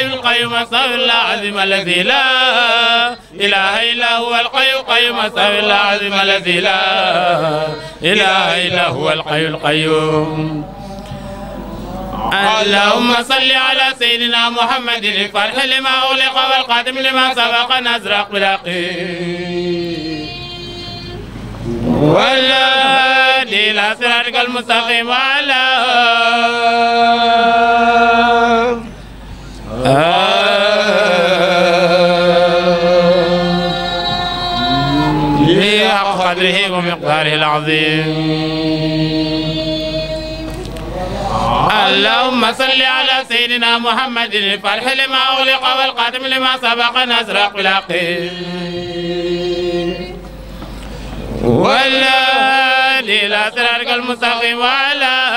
الحي القيوم استغفر العظيم الذي لا إله إلا هو الحي القيوم استغفر العظيم الذي لا إله إلا هو القيوم القيوم اللهم صل على سيدنا محمد الفرح لما أغلق والقادم لما سبق نزرق بلاقي والذي لا سرارك المستقيم على لقدره ومقداره العظيم اللهم صل على سيدنا محمد الفرح لما أغلق والقاتم لما سبق نزرق بلاقي ولا إلى صراطك المستقيم ولا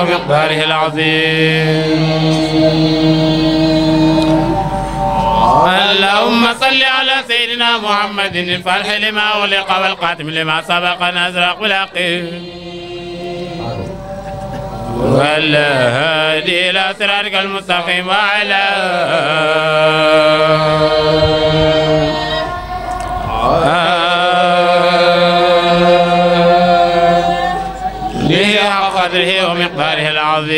ومقداره العظيم اللهم صل على سيدنا محمد الفرح لما أغلق والقاتم لما سبق نزرق الأقيم ولا هادي إلى صراطك المستقيم وعلى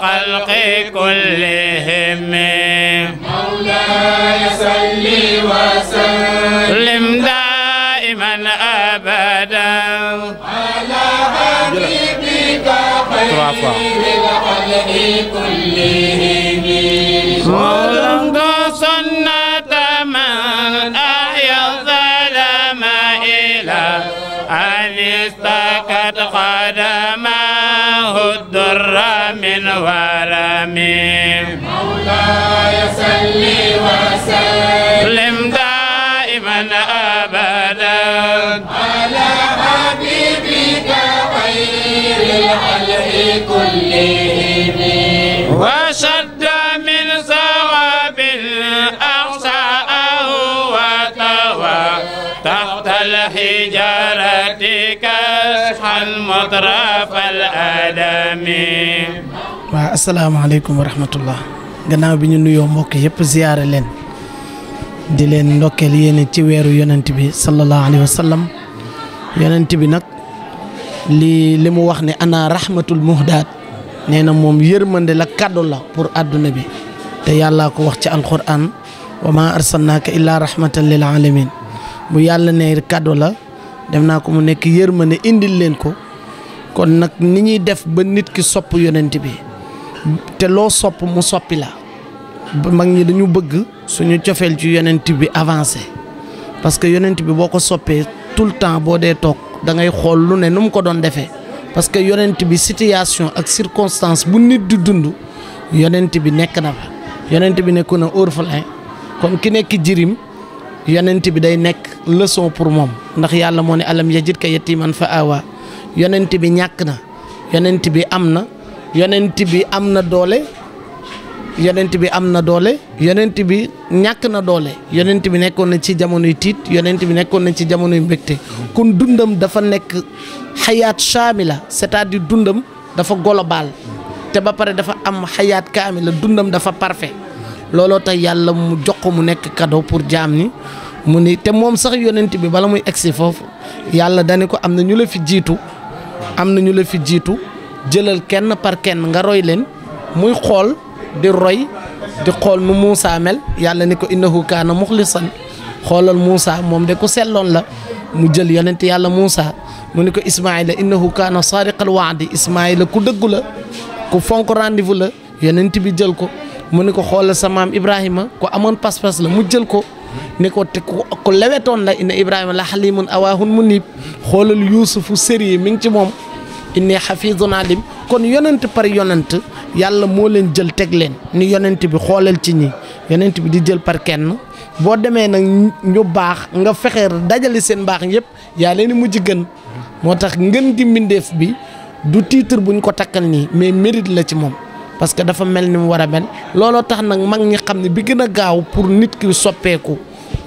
الخلق كلهم مولاي صلي وسلم دائما ابدا على حبيبك خير الخلق كلهم والم مولاي صل وسلم دائما ابدا على حبيبك خير الخلق كلهم وشد من ثواب اقصاه وطوى تحت الحجاره كسحا مطرف الادم السلام عليكم ورحمة الله غناو بي نيو نيو موك ييب زياره لين دي لين نوكل يين تي ويرو يوننتي بي صلى الله عليه وسلم يوننتي بي نك لي ليمو واخني انا رحمه المهدات نينا موم ييرمند لا كادو لا بور ادنا بي تي يالا كو واخ تي القران وما ارسلناك الا رحمه للعالمين بو يالا ني كادو لا دمنا كو مو نيك ييرمند انديل لين كو كون نك ني ني ديف با نيت كي سوب يوننتي بي te loo sopp mu soppi la mag ñi dañu bëgg suñu cofeel ci yonent bi avancé parce que yonent bi boo ko soppee tout le temps boo dee toog da ngay xool lu ne nu mu ko doon defee parce que yonent bi situation ak circonstance bu nit du dund yonent bi nekk na fa yonent bi nekku na orphelin kon ki nekk jirim yonent bi day nekk leçon pour moom ndax yàlla moo ne alam yajidka man fa awa yonent bi ñàkk na yonent bi am na yonent bi am na doole yonent bi am na doole yonent bi ñàkk na doole yonent bi nekkoon na ci jamonoy tiit yonent bi nekkoon na ci jamonoy mbégte kon dundam dafa nekk xayaat chaamila c'est-à-dire dundam dafa global te ba pare dafa am xayaat kaamila dundam dafa parfait looloo tax yàlla mu jox ko mu nekk cadeau pour jaam ni mu ni te moom sax yonent bi bala muy egsi foofu yàlla dani ko am na ñu la fi jiitu am na ñu la fi jiitu jëlal kenn par kenn nga roy leen muy xool di roy di xool nu Moussa mel yàlla ni ko innahu kaana muxlisan xoolal Moussa moom de ku selloon la mu jël yonent yàlla Moussa mu ni ko Ismaïla innahu kaana al waadi Ismaïla ku dëggu la ku fonk rendez-vous la yonent bi jël ko mu ni ko xoolal sa maam Ibrahima ko amoon pas-pas la mu jël ko ni ko te ku lewetoon la inna Ibrahima la xalimun awaahun munib xoolal Yuusufu sëri mi ngi ci moom inni xafiidun alim kon yonent par yonent yàlla moo leen jël teg leen ni yonent bi xoolal ci ñi yonent bi di jël par kenn boo demee nag ñu baax nga fexe dajale seen baax yëpp yaa leen mujj gën moo tax ngën gi mbindeef bi du titre buñ ko takkal nii mais mérit la ci moom parce que dafa mel ni mu war a mel looloo tax nag mag ñi xam ne bi gën a gaaw pour nit ki soppeeku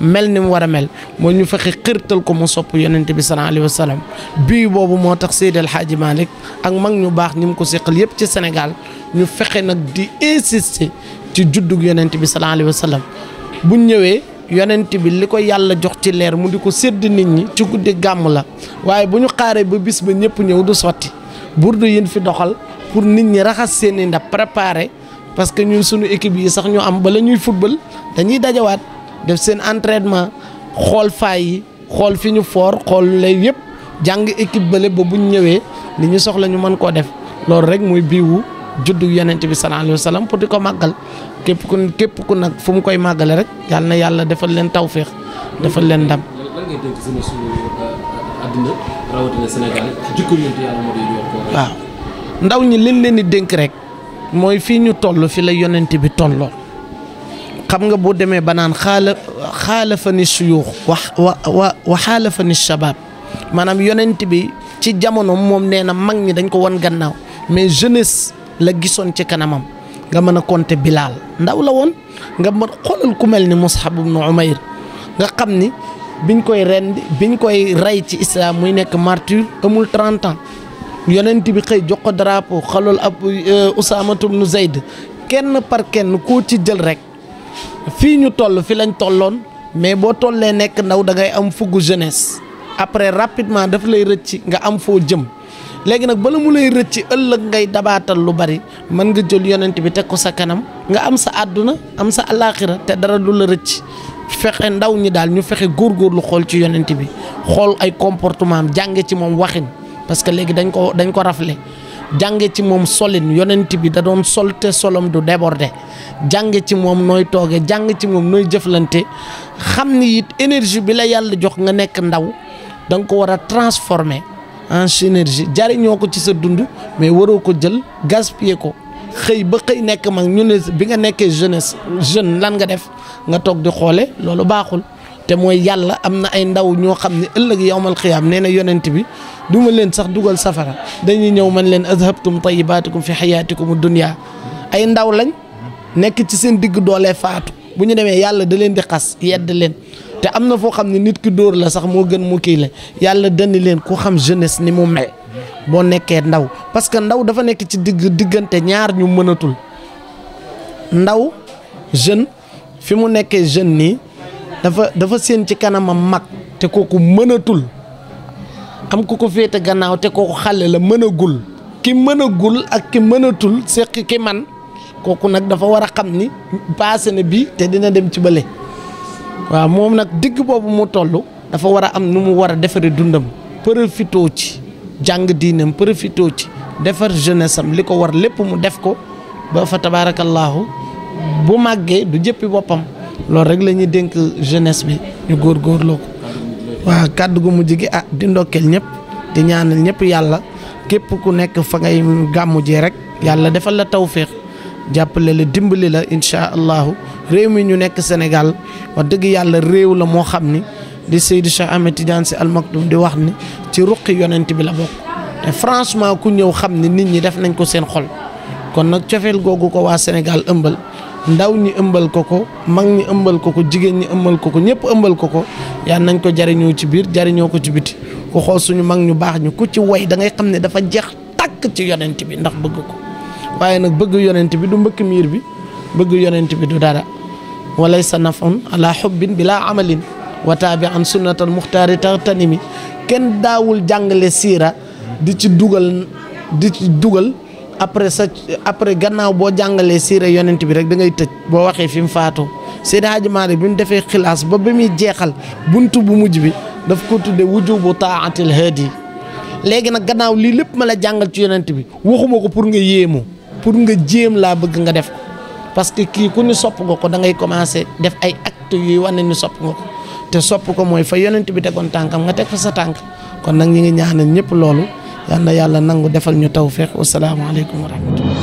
mel ni mu war a mel moo ñu fexe xirtal ko mu sopp yonent bi sallallahu alayhi wa bii boobu moo tax Seydi El Hadji Malick ak mag ñu baax ñi mu ko seqal yëpp ci Sénégal ñu fexe nag di insister ci juddu yonent bi sallallahu alayhi wa bu ñëwee yonent bi li ko yàlla jox ci leer mu di ko sédd nit ñi ci guddi gàmm la waaye bu ñu xaaree ba bis ba ñëpp ñëw du sotti burdu yéen fi doxal pour nit ñi raxas seen i ndab préparer parce que ñun suñu équipe yi sax ñu am ñuy football def seen entraînement xol fay yi xool fi ñu foor xool lay yëpp jàng équipe bële bo buñ ñëwé li ñu soxla ñu mën ko def lool rek moy biwu juddu yonent bi sallallahu alayhi wasallam pour diko ko kep ku kep ku nak fu mu koy magal rek yalla na yalla defal len tawfiq defal len ndam. Euh, ndaw ñi liñ leen di denk rek moy fi ñu tollu fi la yonenti bi tolloo. xam nga boo demee ba naan xaala xaalafani suyuux wa wa wa xaalafani shabaab maanaam yonent bi ci jamono moom nee na mag ñi dañ ko won gannaaw mais jeunesse la gisoon ci kanamam nga mën a compter Bilal ndaw la woon nga mën xoolal ku mel ni Mus'ab ibn Umayr nga xam ni biñ koy rend biñ koy rey ci islam muy nekk martyr amul 30 ans yonent bi xëy jox ko drapeau xalol ab Usaamatu ibn Zayd kenn par kenn koo ci jël rek. fii ñu toll fi lañ tolloon mais boo tollee nekk ndaw da ngay am fuggu jeunesse après rapidement daf lay rëcc nga am foo jëm léegi nag bala mu lay rëcc ëllëg ngay dabaatal lu bari mën nga jël yonent bi teg ko sa kanam nga am sa àdduna am sa alaaxira te dara du la rëcc fexe ndaw ñi daal ñu fexe góor góorgóorlu xool ci yonent bi xool ay comportement am jànge ci moom waxin parce que léegi dañ ko dañ ko rafle jànge ci moom solin yonent bi da doon solte solom du débordé jànge ci moom nooy tooge jàng ci moom nooy jëflante xam ni it énergie bi la yàlla jox nga nekk ndaw danga nga ko war a transformer en synergie jariñoo ko ci sa dund mais waroo ko jël gaspiller ko xëy ba xëy nekk mag ñu ne bi nga nekkee jeunes jeune lan nga def nga toog di xoole loolu baaxul te mooy yàlla amna ay ndaw ño xamni ne ëllëg yowmal xiyaam nee yonent bi duma ma leen sax dugal safara dañuy ñëw man leen azhabtum tayyibatukum fi hayatikum ad dunya ay ndaw lañ nek ci seen digg doole faatu bu ñu démé yàlla da leen di xass yedd leen te amna fo xamni nit ki dóor la sax mo gën mu kii la yàlla dañ leen ku xam jeunesse ni mu mel bo nekké ndaw parce que ndaw dafa nek ci digg digënté ñaar ñu mënatul ndaw jeune fi mu nekkee jeune ni dafa dafa séen ci kanamam mag te kooku mënatul am ku ko féete gannaaw te kooku xale la mënagul ki mënagul ak ki mënatul seq ki man kooku nag dafa war a xam ni paase bi te dina dem ci bële waa moom nag digg boobu mu tollu dafa war a am nu mu war a defaree dundam profitoo ci jàng diinam profitoo ci defar jeunesse li ko war lépp mu def ko ba fa tabaarakallaahu bu màggee du jëppi boppam loolu rek la ñuy dénk jeunesse bi ñu góor góorgóorloo ko waaw kàddu gu mujj ah di ndokkeel ñëpp di ñaanal ñëpp yàlla képp ku nekk fa ngay gàmmu ji rek yàlla defal la tawféex jàppale la dimbali la incha allahu réew mi ñu nekk Sénégal wa dëgg yàlla réew la moo xam ni di Seydi Cheikh Ahmed Tidiane Sy Al di wax ni ci ruqi yonent bi la bokk te franchement ku ñëw xam ni nit ñi def nañ ko seen xol kon nag cofeel googu ko waa Sénégal ëmbal ndaw ñi ëmbal ko ko mag ñi ëmbal ko ko jigéen ñi ëmbal ko ko ñëpp ëmbal ko ko yal nañ ko jariñoo ci biir jariñoo ko ci biti ku xool suñu mag ñu baax ñu ko ci way dangay xam ne dafa jeex tàkk ci yonent bi ndax bëgg ko waaye nag bëgg yonent bi du mbëkk miir bi bëgg yonent bi du dara walaysa nafun ala xubbin bilaa amalin wa taabi an sunnatal tani mi kenn daawul jàngale siira di ci dugal di ci dugal après sa après gannaaw boo jàngalee siire yonent bi rek da ngay tëj boo waxee fi mu faatoo Seydi Hadji Malick bi mu defee xilaas ba ba muy jeexal buntu bu mujj bi daf ko tuddee wujubu taatil hadi léegi nag gannaaw lii lépp ma la jàngal ci yonent bi waxuma ko pour nga yéemu pour nga jéem laa bëgg nga def ko parce que kii ku ni sopp nga ko da ngay commencé def ay actes yuy wane ni sopp nga ko te sopp ko mooy fa yonent bi koon tànkam nga teg fa sa tànk kon nag ñi ngi yal na yàlla nangu defal ñu tawféex wa salaamu aleykum wa rahmatullah